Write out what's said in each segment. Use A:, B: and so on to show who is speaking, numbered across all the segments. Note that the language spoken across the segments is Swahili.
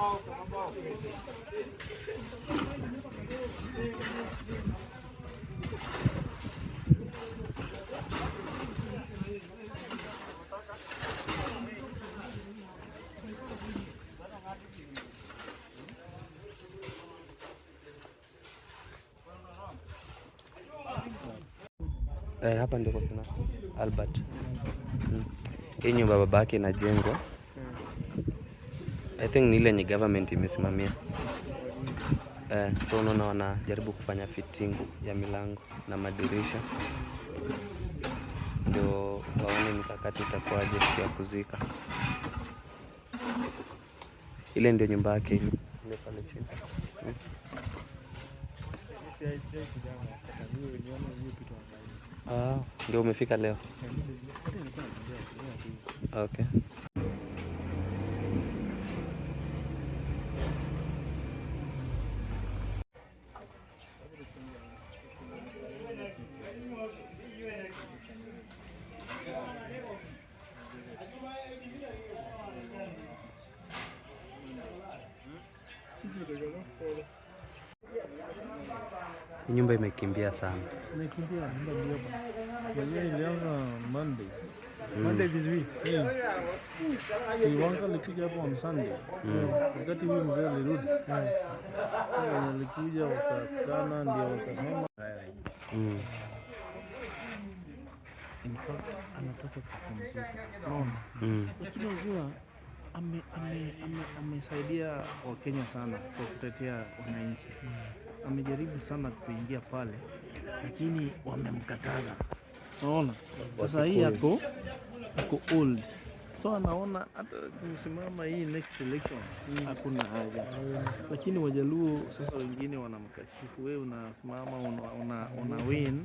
A: Eh, hapa ndiko tuna Albert. Hmm. Hii nyumba babake inajengwa I think ni ile yenye government imesimamia. Eh, so unaona wanajaribu kufanya fitting ya milango na madirisha ndio waone mikakati itakuwaje ya kuzika. Ile ndio nyumba yake ile pale chini. Hmm? Ah, ndio umefika leo. Okay. Nyumba imekimbia sana.
B: Imekimbia nyumba hiyo. Wenyewe ilianza Monday. Mm. Monday this week. Si wanga alikuja hapo on Sunday. Mm. Wakati huyu mzee alirudi. Alikuja wakakutana ndio wakasema. Mm.
C: In fact anatoka kupumzika. Naona. Mm. Lakini unajua amesaidia ame, ame Wakenya sana kwa kutetea wananchi mm. Amejaribu sana kuingia pale, lakini wamemkataza. Naona sasa hii ako ako old so anaona hata kusimama hii next election hmm. hakuna hmm. haja mm. Lakini Wajaluo sasa wengine wanamkashifu, wewe unasimama una, una, una win.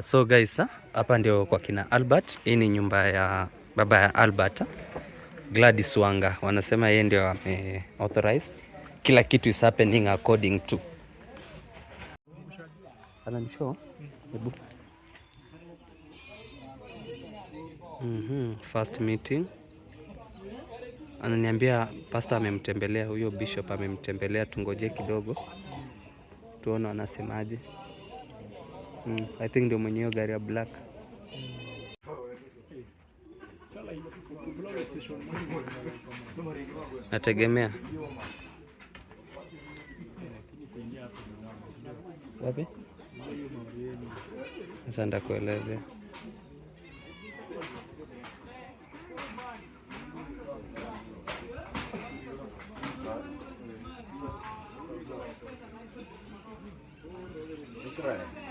A: So guys, ah, hapa ndio kwa kina Albert. Hii ni nyumba ya baba ya Albert. Gladys Wanga wanasema yeye ndio ame eh, authorize kila kitu is happening according to ananisho hebu mhm first meeting ananiambia pastor amemtembelea huyo bishop amemtembelea, tungoje kidogo tuone anasemaje. Mm, I think ndio mwenye hiyo gari ya black nategemea wapi sasa, Israel.